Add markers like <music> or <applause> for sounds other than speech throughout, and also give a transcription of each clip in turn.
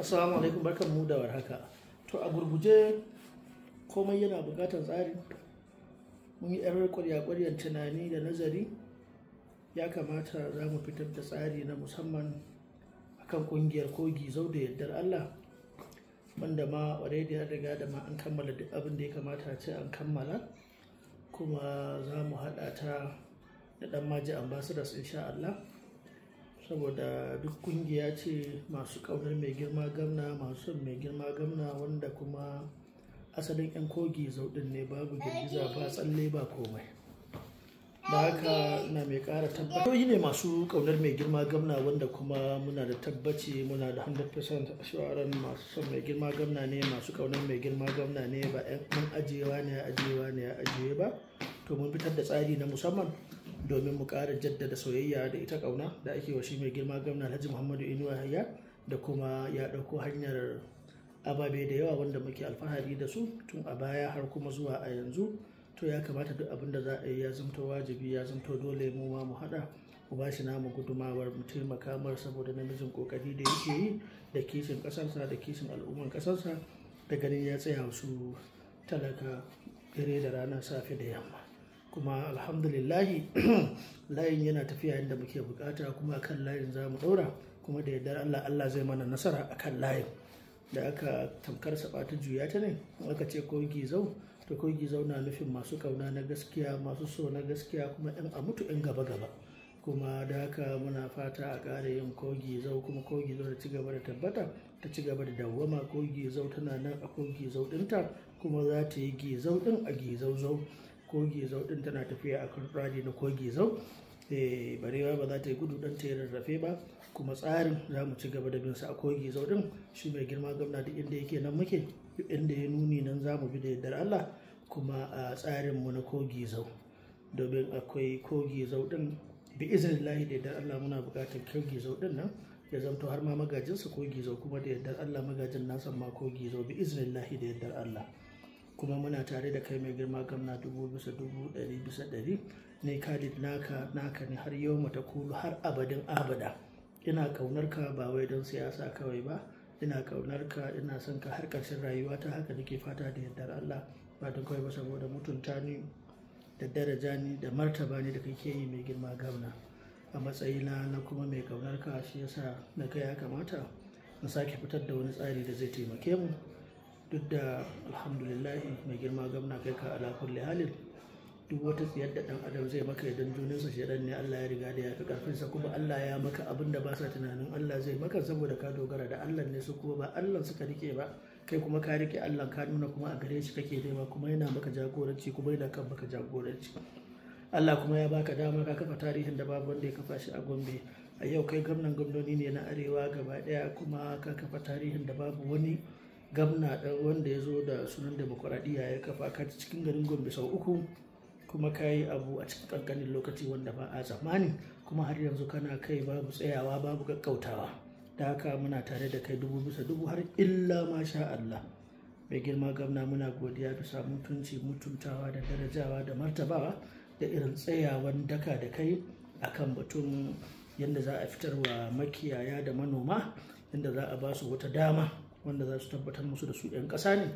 Assalamu alaikum mu da warhaka. To a gurguje komai yana bukatar tsari. Mun yi ƴar ƙwarya tunani da nazari ya kamata za mu fitar da tsari na musamman akan kungiyar kogi zau da yardar Allah wanda ma already ya riga da ma an kammala duk abin da ya kamata ce an kammala kuma za mu haɗa ta da ɗan maji ambassadors insha Allah. saboda duk kungiya ce masu kaunar mai girma gamna masu son mai girma gamna wanda kuma asalin 'yan kogi zaudin ne babu girgiza ba tsalle ba komai da haka na mai ƙara tabbatoyi ne masu ƙaunar mai girma gamna wanda kuma muna da tabbaci muna da 100% shawarar masu son mai girma gamna ne masu ƙaunar mai girma gamna ne ba 'yan ajiyewa ne ajiyewa ne ajiye ba to mun fitar da tsari na musamman domin mu ƙara jaddada soyayya da ita ƙauna da ake wa shi mai girma gwamna alhaji muhammadu inuwa yahya da kuma ya ɗauko hanyar ababe da yawa wanda muke alfahari da su tun a baya har kuma zuwa a yanzu to ya kamata duk abin da za a yi ya zanto wajibi ya zanto dole mu ma mu haɗa mu ba shi namu gudumawar mu taimaka mar saboda namijin kokari da yake yi da kishin ƙasarsa da kishin al'umman ƙasarsa da ganin ya tsaya su talaka dare da rana safe da yamma kuma alhamdulillahi <clears throat> layin yana tafiya yadda muke bukata kuma kan layin za mu ɗora kuma da yadda Allah Allah zai mana nasara a kan layin da aka tamkar sabatu juya ta ne aka ce ko gizau to ko gizau na nufin masu kauna na gaskiya masu so na gaskiya kuma yan a mutu yan gaba gaba kuma da haka muna fata a ƙara yin kogi zau kuma kogi zau da ci da tabbata ta ci gaba da dawwama kogi zau tana nan a kogi zau ɗinta kuma za ta yi gizau ɗin a gizau zau kogi zau din tana tafiya a kan rani na kogi zau eh, barewa ba za ta yi gudu dan ta rarrafe ba kuma tsarin za mu ci gaba da bin sa a kogi zau din shi mai girma gwamna duk inda yake nan muke inda ya nuni nan za mu bi da yardar Allah kuma a tsarin mu na kogi zau domin akwai kogi zau din bi da yardar Allah muna buƙatar kogi zau din nan ya zamto har ma magajinsa ko zau kuma da yardar Allah magajin nasan ma kogi zau bi iznillahi da yardar Allah kuma muna tare da kai mai girma gamna dubu bisa dubu ɗari bisa ɗari ne kadid naka naka ne har yau mata kulu har abadin abada ina kaunar ka ba wai don siyasa kawai ba ina kaunar ka ina son ka har ƙarshen rayuwa ta haka nake fata da yardar Allah ba don kawai ba saboda mutunta ni da daraja ni da martaba ni da kake yi mai girma gamna a matsayina na kuma mai kaunar ka shi yasa na kai ya kamata na sake fitar da wani tsari da zai taimake mu duk da alhamdulillah mai girma gamna kai ka alakun lihalin duk wata tsiyar da dan adam zai maka idan sa shedan ne Allah ya riga da ya fi sa kuma Allah ya maka abin da ba sa tunanin Allah zai maka saboda ka dogara da Allah ne su kuma ba Allah suka rike ba kai kuma ka rike Allah ka nuna kuma a gare shi kake nema kuma yana maka jagoranci kuma yana kan maka jagoranci Allah kuma ya baka dama ka kafa tarihin da babu wanda ya kafa shi a Gombe a yau kai gwamnan gwamnoni ne na arewa gaba daya kuma ka kafa tarihin da babu wani gamna ɗan wanda ya zo da sunan demokuraɗiyya ya kafa ka cikin garin gombe sau uku kuma ka yi abu a cikin ƙanƙanin lokaci wanda ba a zamani kuma har yanzu kana kai babu tsayawa babu gaggautawa da haka muna tare da kai dubu bisa dubu har illa masha Allah mai girma gamna muna godiya bisa mutunci mutuntawa da darajawa da martabawa da irin tsayawan daka da kai akan batun yadda za a fitarwa makiyaya da manoma yadda za a ba su wata dama wanda za su tabbatar musu da su 'yan kasa ne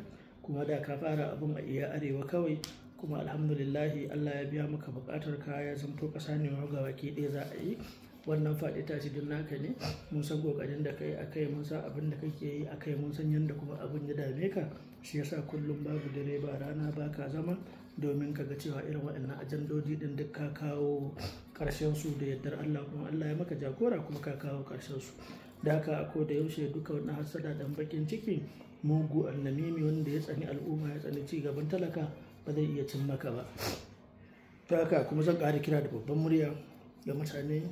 kuma da ka fara abin a iya arewa kawai kuma alhamdulillahi allah ya biya maka bukatar ka ya zamto ƙasa ne ma ga baki ɗaya za a yi wannan faɗi ce don naka ne mun san ƙoƙarin da kai akai mun san abin da kake yi a kai mun san yadda kuma abin ya dame ka shi yasa kullum babu dare ba rana ba ka zama domin ka ga cewa irin waɗannan ajandoji din duk ka kawo ƙarshen su da yardar Allah kuma Allah ya maka jagora kuma ka kawo ƙarshen su da haka a da yaushe duka wani hasada dan bakin ciki mugu annamimi wanda ya tsani al'umma ya tsani ci gaban talaka ba zai iya cin maka ba ta haka kuma zan ƙara kira da babban murya ga mutane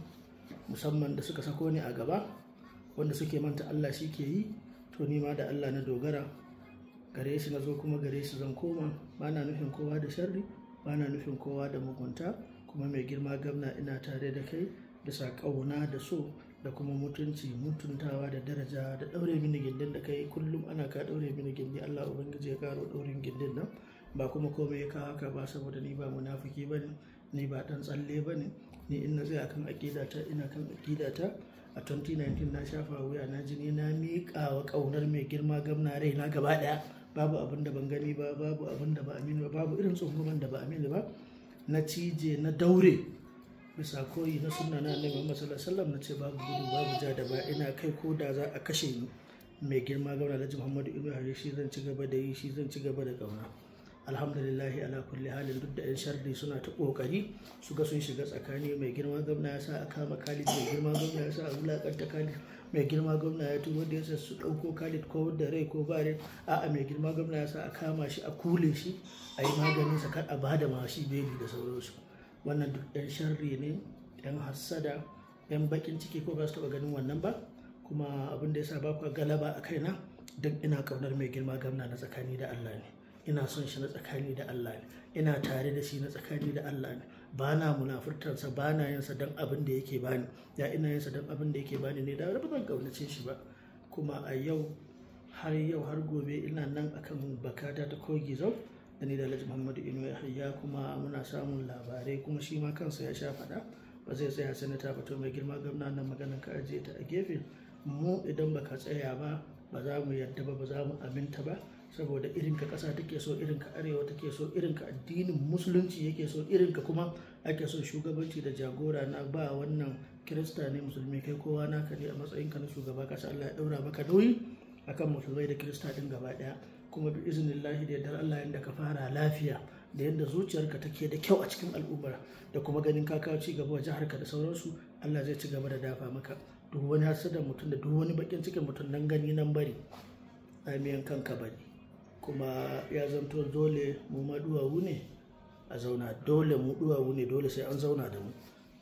musamman da suka sako ni a gaba wanda suke manta Allah shi ke yi to ni ma da Allah na dogara gare shi na zo kuma gare shi zan koma ba na nufin kowa da sharri ba na nufin kowa da mugunta kuma mai girma gamna ina tare da kai da sakauna da so da kuma mutunci mutuntawa da daraja da ɗaure mini gindin da kai kullum ana ka ɗaure mini gindi Allah ubangiji ya karo ɗaurin gindin nan ba kuma komai ya kawo haka ba saboda ni ba munafiki bane ni ba dan tsalle bane ni in na tsaya kan ta ina kan ta a 2019 na shafa wuya na jini na miƙa wa ƙaunar mai girma gamna na gaba daya babu abin da ban gani ba babu abin da ba aminu ba babu irin tsohon da ba aminu ba na cije na daure bisa koyi na sunna na annabi Muhammad sallallahu alaihi wasallam babu gudu babu ja da ba ina kai ko da za a kashe ni mai girma gauna Alhaji Muhammadu Ibn Hari shi zan ci gaba da yi shi zan ci gaba da kauna alhamdulillahi ala kulli halin duk da yan sharri suna ta kokari su ga sun shiga tsakani mai girma gwamna ya sa a kama Khalid mai girma gwamna ya sa a wulakanta Khalid mai girma gwamna ya tuwo da yasa su dauko Khalid ko da rai ko ba rai a'a mai girma gwamna ya sa a kama shi a kule shi a yi maganin sa kar a bada mashi beli da sauransu wannan duk 'yan sharri ne 'yan hassada 'yan bakin ciki ko ba su taɓa ganin wannan ba kuma abin da ya sa ba galaba a kaina duk ina ƙaunar mai girma gamna na tsakani da Allah ne ina son shi na tsakani da Allah ne ina tare da shi na tsakani da Allah ne ba na munafurtarsa ba na yinsa don abin da yake bani ya ina yinsa don abin da yake bani ne da ba ban kaunace shi ba kuma a yau har yau har gobe ina nan akan bakata ta kogi zau da ni da alhaji muhammadu inuwa hayya kuma muna samun labarai kuma shi ma kansa ya sha faɗa ba zai tsaya sanata ba to mai girma gwamna nan maganar ka ajiye ta a gefe mu idan ba ka tsaya ba ba za mu yarda ba ba za mu aminta ba saboda ka ƙasa take so irin ka arewa take so irin ka addinin musulunci yake so irin ka kuma ake so shugabanci da jagora na ba wannan kirista ne musulmi kai kowa naka ne a matsayinka na shugaba ƙasa Allah ya daura maka nauyi akan musulmai da kirista din gaba daya. kuma bi lahi da yardar Allah yadda ka fara lafiya da yadda zuciyarka take da kyau a cikin al'umma da kuma ganin ka kawo ci gaba jiharka da sauransu Allah zai ci gaba da dafa maka duk wani hasadar mutum da duk wani bakin cikin mutum nan gani nan bari ainihin kanka bari kuma ya zanto dole mu ma duwawu ne a zauna dole mu duwawu ne dole sai an zauna da mu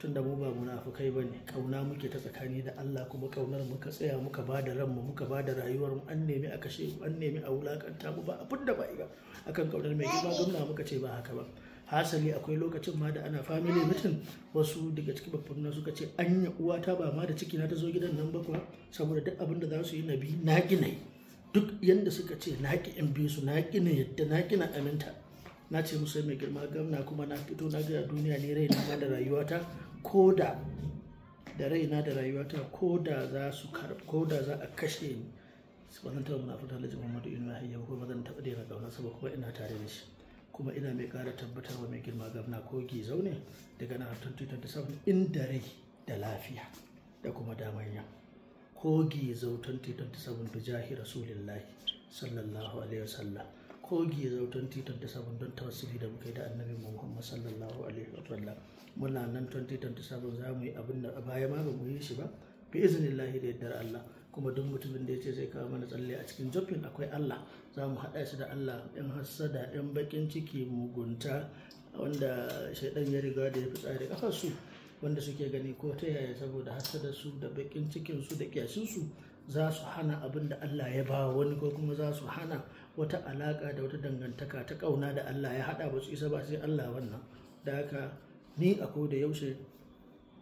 da mu ba munafukai ba ne ƙauna muke ta tsakani da Allah kuma ƙaunar muka tsaya muka ba da ranmu muka ba da rayuwar mu an nemi a kashe mu an nemi a wulakanta mu ba abin da ba yi ba akan ƙaunar mai girma gwamna muka ce ba haka ba hasali akwai lokacin ma da ana family mutum wasu daga cikin babban suka ce anya uwata ba ma da ciki na ta zo gidan nan ba kuwa saboda duk abin da za su yi na bi na gina duk yanda suka ce na ki in bi su na gina yadda na gina aminta na ce musai mai girma gamna kuma na fito na ga duniya ne rai na da rayuwata Koda da rai raina da rayuwata koda za su koda za a kashe ni ba zan taɓa fata lajin Muhammadu inu ya ba kuma zan taɓa daina ƙauna saboda kuma ina tare da shi kuma ina mai ƙara tabbatarwa mai girma gabna ko gi zaune daga na hartun twitter da sabon inda rai da lafiya da kuma damanya ko gi zautan titan ta sabon da jahi rasulillahi sallallahu alaihi wasallam ko ta sabon don tawassuli da muka yi da annabi muhammad sallallahu alaihi wa sallam muna nan 2027 za mu yi abin da baya ma ba mu yi shi ba bi Lahi da yaddar allah kuma duk mutumin da ya ce zai kawo mana tsalle a cikin jofin akwai allah za mu haɗa shi da allah yan hassada yan bakin ciki mugunta wanda shaidan ya riga da ya fi tsari kafar su wanda suke gani ko ta yaya saboda hassada su da bakin cikin su da kyashin su za su hana abin da allah ya ba wani ko kuma za su hana wata alaƙa da wata dangantaka ta ƙauna da Allah ya haɗa ba su isa ba sai Allah wannan da haka ni a da yaushe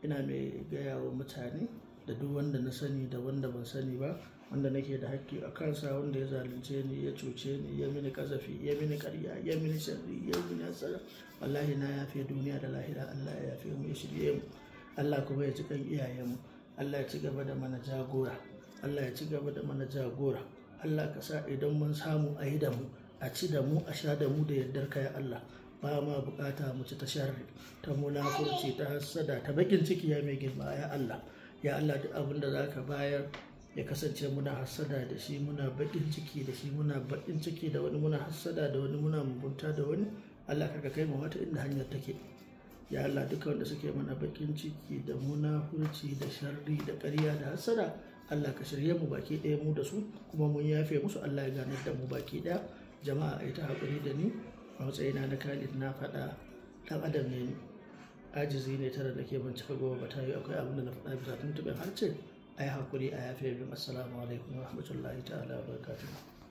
ina mai gaya wa mutane da duk wanda na sani da wanda ban sani ba wanda nake da hakki a kansa wanda ya zalunce ni ya cuce ni ya mini kazafi ya mini ƙarya ya mini sharri ya mini asara wallahi na yafe duniya da lahira Allah ya yafe mu ya shirye mu Allah kuma ya ci kan iyayenmu Allah ya ci gaba da mana jagora Allah ya ci gaba da mana jagora Allah ka sa idan mun samu a yi da mu a ci da mu a sha da mu da yardar ka ya Allah ba ma bukata mu ci ta sharri ta munafurci ta hassada ta bakin ciki ya mai girma ya Allah ya Allah duk abin da zaka bayar ya kasance muna hassada da shi muna bakin ciki da shi muna bakin ciki da wani muna hassada da wani muna mugunta da wani Allah ka kai mu wata inda hanyar take ya Allah duka wanda suke mana bakin ciki da munafurci da sharri da ƙarya da hassada Allah ka shirye mu baki ɗaya mu da su kuma mun yafe musu Allah ya ganar da mu baki ɗaya jama'a ai ta haƙuri da ni a matsayina na Khalid na faɗa ɗan adam ne ni ajizi ne tare da ke bincika cika goma ba ta yi akwai abin da na faɗa bisa tuntuɓin harce yi haƙuri a yafe min assalamu alaikum wa rahmatullahi ta'ala wa barakatuhu